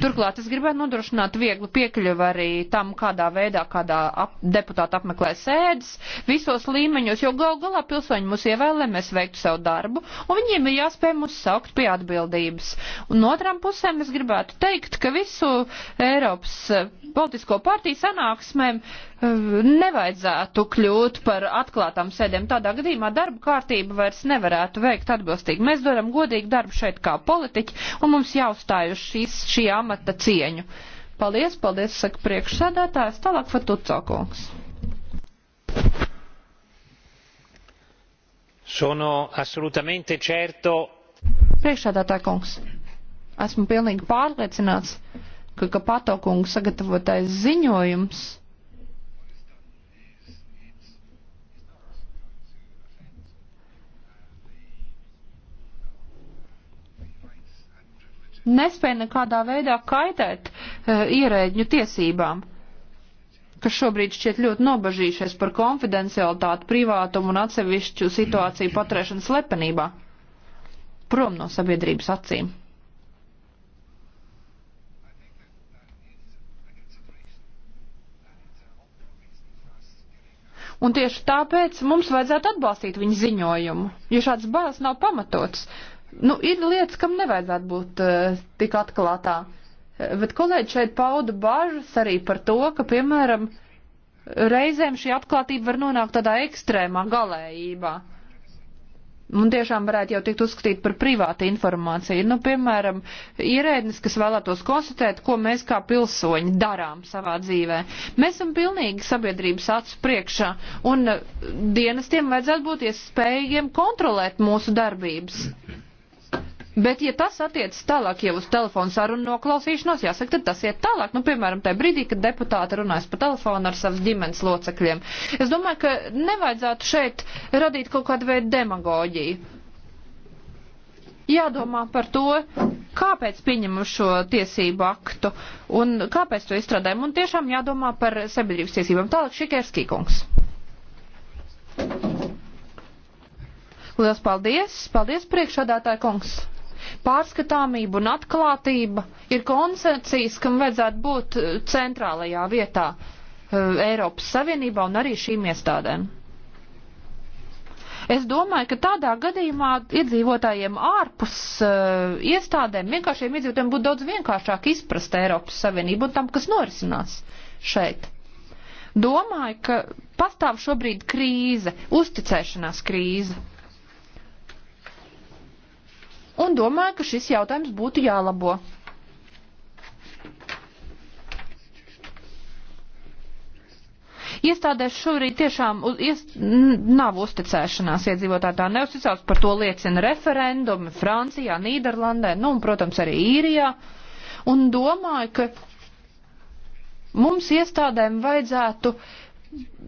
Turklāt es gribētu nodrošināt vieglu piekļuvu arī tam, kādā veidā, kādā ap, deputāta apmeklē sēdes, visos līmeņos, jo gal galā pilsoņi mūs ievēlē, mēs veiktu savu darbu, un viņiem ir jāspēj mūs saukt pie atbildības. Un no otrām pusēm es gribētu teikt, ka visu Eiropas eh, politiskā politisko partiju sanāksmēm eh, nevajadzētu kļūt par atklātām sēdēm. Tādā gadījumā darba kārtība vairs nevarētu veikt atbilstīgi. Mēs darām godīgu darbu šeit kā politiķi, un mums jāuzstāj uz šīs, šī amata cieņu. Paldies, paldies, saka priekšsēdētājs. Tālāk Fatuco kungs. Sono assolutamente certo. Priekšsēdētāj kungs, esmu pilnīgi pārliecināts, ka Kapato kungu sagatavotais ziņojums nespēja nekādā veidā kaitēt uh, e, ierēģņu tiesībām, kas šobrīd šķiet ļoti nobažījušies par konfidencialitāti, privātumu un atsevišķu situāciju paturēšanu slepenībā, prom no sabiedrības acīm. Un tieši tāpēc mums vajadzētu atbalstīt viņa ziņojumu, jo šāds bāzes nav pamatots. Nu, ir lietas, kam nevajadzētu būt uh, tik atklātā. Bet kolēģi šeit pauda bažas arī par to, ka, piemēram, reizēm šī atklātība var nonākt tādā ekstrēmā galējībā. Uh, un tiešām varētu jau tikt uzskatīt par privātu informāciju. Nu, piemēram, ierēdnis, kas vēlētos konstatēt, ko mēs kā pilsoņi darām savā dzīvē. Mēs esam pilnīgi sabiedrības acu priekšā, un dienestiem vajadzētu būt iespējīgiem kontrolēt mūsu darbības. Bet, ja tas attiecas tālāk jau uz telefonu sarunu noklausīšanos, jāsaka, tad tas iet tālāk. Nu, piemēram, tajā brīdī, kad deputāti runājas pa telefonu ar savas ģimenes locekļiem. Es domāju, ka nevajadzētu šeit radīt kaut kādu veidu demagoģiju jādomā par to, kāpēc pieņemam šo tiesību aktu un kāpēc to izstrādājam. Un tiešām jādomā par sabiedrības tiesībām. Tālāk Šikerskī kungs. Lielas paldies! Paldies priekšādātāja kungs! Pārskatāmība un atklātība ir koncepcijas, kam vajadzētu būt eh, centrālajā vietā eh, Eiropas Savienībā un arī šīm iestādēm. Es domāju, ka tādā gadījumā iedzīvotājiem ārpus uh, iestādēm, vienkāršiem iedzīvotājiem būtu daudz vienkāršāk izprast Eiropas Savienību un tam, kas norisinās šeit. Domāju, ka pastāv šobrīd krīze, uzticēšanās krīze un domāju, ka šis jautājums būtu jālabo. Iestādēs šorīt tiešām uz, iest, nav uzticēšanās iedzīvotāji tā neuzticās, par to liecina referendumi Francijā, Nīderlandē, nu un, protams, arī Īrijā. Un domāju, ka mums iestādēm vajadzētu uh,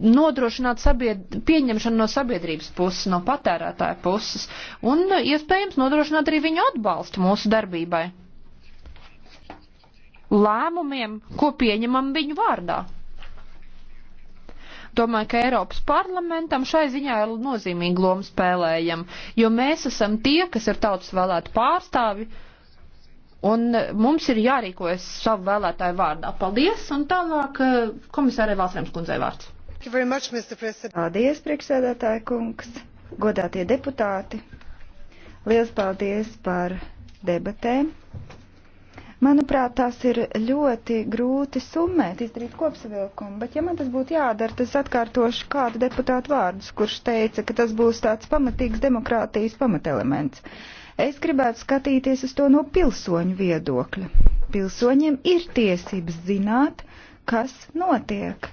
nodrošināt sabied, pieņemšanu no sabiedrības puses, no patērētāja puses, un iespējams nodrošināt arī viņu atbalstu mūsu darbībai. Lēmumiem, ko pieņemam viņu vārdā. Domāju, ka Eiropas parlamentam šai ziņā ir nozīmīga loma spēlējam, jo mēs esam tie, kas ir tautas vēlēti pārstāvi, uh, Un e, mums ir jārīkojas savu vēlētāju vārdā. Paldies, un tālāk e, komisārai Valsrēms kundzei vārds. Much, paldies, priekšsēdētāja kungs, godātie deputāti. Liels paldies par debatēm. Manuprāt, tās ir ļoti grūti summēt, izdarīt kopsavilkumu, bet ja man tas būtu jādara, tas atkārtošu kādu deputātu vārdus, kurš teica, ka tas būs tāds pamatīgs demokrātijas pamatelements. Uh, Es gribētu skatīties uz to no pilsoņu viedokļa. Pilsoņiem ir tiesības zināt, kas notiek.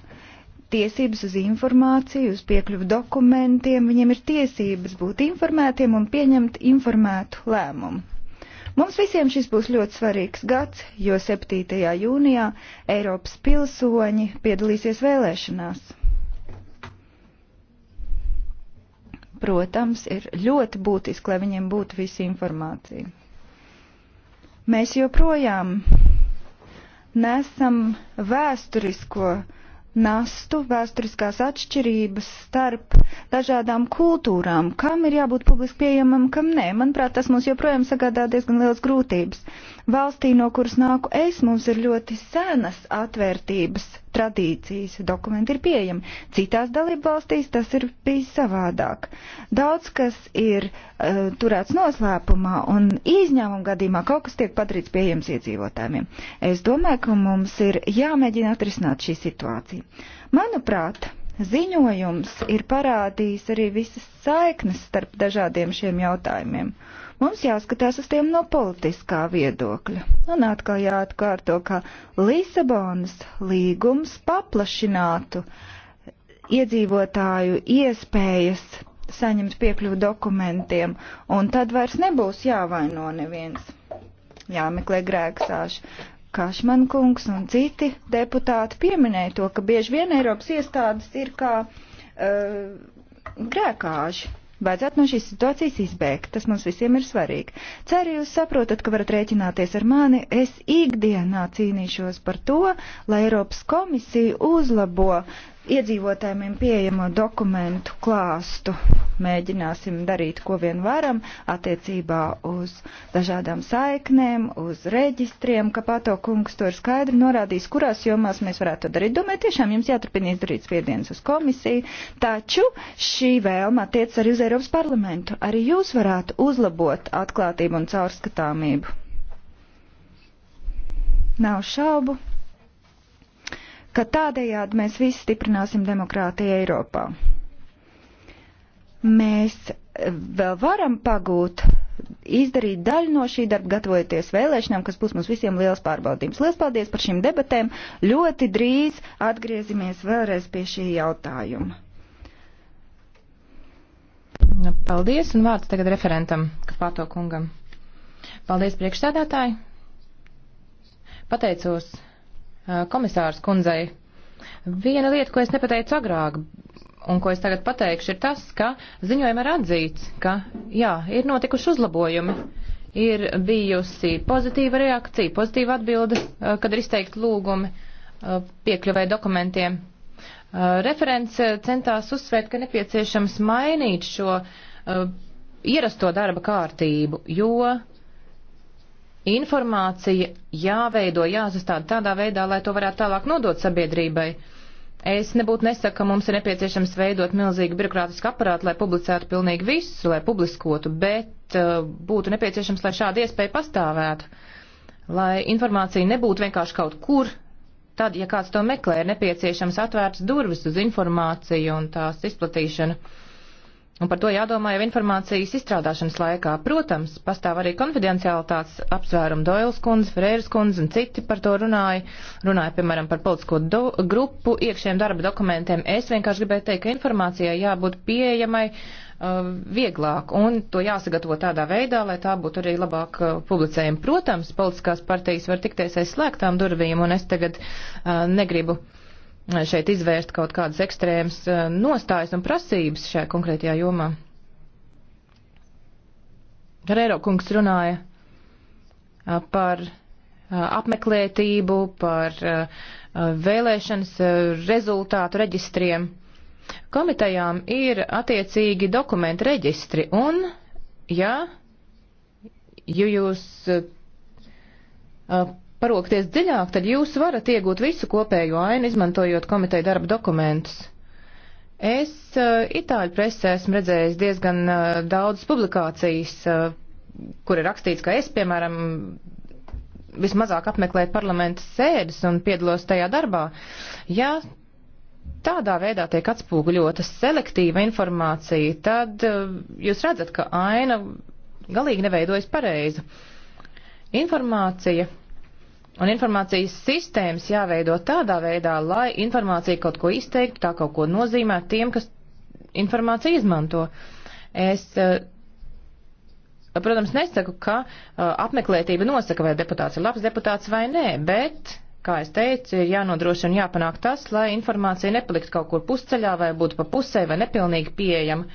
Tiesības uz informāciju, uz piekļuvu dokumentiem, viņiem ir tiesības būt informētiem un pieņemt informētu lēmumu. Mums visiem šis būs ļoti svarīgs gads, jo 7. jūnijā Eiropas pilsoņi piedalīsies vēlēšanās. protams, ir ļoti būtiski, lai viņiem būtu visa informācija. Mēs joprojām nesam vēsturisko nastu, vēsturiskās atšķirības starp dažādām kultūrām, kam ir jābūt publiski pieejamam, kam nē. Manuprāt, tas mums joprojām sagādā diezgan liels grūtības. Valstī, no kuras nāku es, mums ir ļoti senas atvērtības tradīcijas, dokumenti ir pieejami. Citās dalību valstīs tas ir bijis savādāk. Daudz kas ir uh, turēts noslēpumā un izņēmuma gadījumā kaut kas tiek padarīts pieejams iedzīvotājiem. Es domāju, ka mums ir jāmēģina atrisināt šī situācija. Manuprāt, ziņojums ir parādījis arī visas saiknes starp dažādiem šiem jautājumiem. Uh, Mums jāskatās uz tiem no politiskā viedokļa. Un atkal jāatkārto, ka Lisabonas līgums paplašinātu iedzīvotāju iespējas saņemt piekļuvu dokumentiem, un tad vairs nebūs jāvaino neviens. Jāmeklē grēksāši. Kašman kungs un citi deputāti pieminēja to, ka bieži vien Eiropas iestādes ir kā uh, grēkāži. Vajadzētu no šīs situācijas izbēgt, tas mums visiem ir svarīgi. Ceru, jūs saprotat, ka varat rēķināties ar mani. Es ikdienā cīnīšos par to, lai Eiropas komisija uzlabo iedzīvotājiem pieejamo dokumentu klāstu. Mēģināsim darīt, ko vien varam attiecībā uz dažādām saiknēm, uz reģistriem, ka pato kungs to ir skaidri norādījis, kurās jomās mēs varētu to darīt. Domāju, tiešām jums jāturpina izdarīt spiediens uz komisiju, taču šī vēlma attiec arī uz Eiropas parlamentu. Arī jūs varētu uzlabot atklātību un caurskatāmību. Nav šaubu ka tādējādi mēs visi stiprināsim demokrātiju Eiropā. Mēs eh, vēl varam pagūt, izdarīt daļu no šī darba, gatavojoties vēlēšanām, kas būs mums visiem liels pārbaudījums. Lielas paldies par šīm debatēm. Ļoti drīz atgriezīsimies vēlreiz pie šī jautājuma. Nu, paldies, un vārds tagad referentam, Kapāto kungam. Paldies, priekšsēdētāji. Pateicos Eh, komisārs kundzei. Viena lieta, ko es nepateicu agrāk, un ko es tagad pateikšu, ir tas, ka ziņojumā ir atzīts, ka jā, ir notikuši uzlabojumi, ir bijusi pozitīva reakcija, pozitīva atbilde, eh, kad ir izteikti lūgumi eh, piekļuvēja dokumentiem. Referents centās uzsvērt, ka nepieciešams mainīt šo ierasto darba kārtību, jo informācija jāveido, jāsastāda tādā veidā, lai to varētu tālāk nodot sabiedrībai. Es nebūtu nesaka, ka mums ir nepieciešams veidot milzīgu birokrātisku aparātu, lai publicētu pilnīgi visu, lai publiskotu, bet uh, būtu nepieciešams, lai šāda iespēja pastāvētu. Lai informācija nebūtu vienkārši kaut kur, tad, ja kāds to meklē, ir nepieciešams atvērts durvis uz informāciju un tās izplatīšanu. Un par to jādomā jau informācijas izstrādāšanas laikā. Protams, pastāv arī konfidenciālitātes apsvērumi Doils kundze, Ferēras kundze un citi par to runāja. Runāja, piemēram, par politisko do, grupu, iekšējiem darba dokumentiem. Es vienkārši gribēju teikt, ka informācijai jābūt pieejamai uh, vieglāk un to jāsagatavo tādā veidā, lai tā būtu arī labāk uh, publicējama. Protams, politiskās partijas var tikties aiz slēgtām durvīm un es tagad uh, negribu. Uh, šeit izvērst kaut kādas ekstrēmas e, nostājas un prasības šajā konkrētajā jomā. Herēro kungs runāja e, par e, apmeklētību, par vēlēšanas rezultātu reģistriem. Komitejām ir attiecīgi dokumentu reģistri, un, ja, ja jūs parūkties dziļāk, tad jūs varat iegūt visu kopējo ainu, izmantojot komiteju darba dokumentus. Es uh, itāļu presē esmu redzējis diezgan uh, daudz publikācijas, uh, kur ir rakstīts, ka es, piemēram, vismazāk apmeklēju parlamenta sēdes un piedalos tajā darbā. Ja tādā veidā tiek atspoguļota selektīva informācija, tad jūs redzat, ka aina galīgi neveidojas pareizi. Informācija Un informācijas sistēmas jāveido tādā veidā, lai informācija kaut ko izteiktu, tā kaut ko nozīmē tiem, kas informāciju izmanto. Es, eh, protams, nesaku, ka eh, apmeklētība nosaka, vai deputāts ir labs deputāts vai nē, bet, kā es teicu, ir jānodrošina jāpanāk tas, lai informācija nepalikt kaut kur pusceļā vai būtu pa pusē vai nepilnīgi pieejama.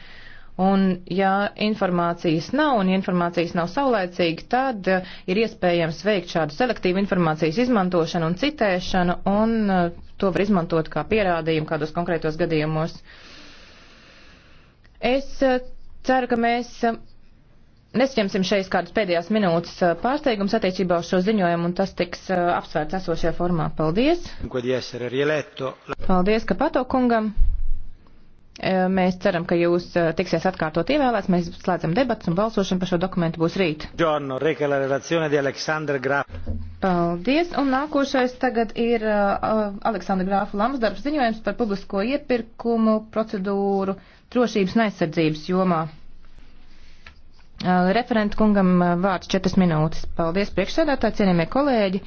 Un, ja informācijas nav un ja informācijas nav saulēcīga, tad uh, ir iespējams veikt šādu selektīvu informācijas izmantošanu un citēšanu, un uh, to var izmantot kā pierādījumu kādos konkrētos gadījumos. Es uh, ceru, ka mēs nesaņemsim šeit kādas pēdējās minūtes pārsteigums attiecībā uz šo ziņojumu, un tas tiks apsvērts esošajā formā. Paldies! Paldies, ka pato kungam! Mēs ceram, ka jūs tiksies atkārtot ievēlēts. Mēs slēdzam debatas un balsošana par šo dokumentu būs rīt. Paldies. Un nākošais tagad ir Aleksandra Grāfa Lamsdarbs ziņojums par publisko iepirkumu procedūru drošības un aizsardzības jomā. Referenta kungam vārds četras minūtes. Paldies priekšsēdētāji, cienījamie kolēģi.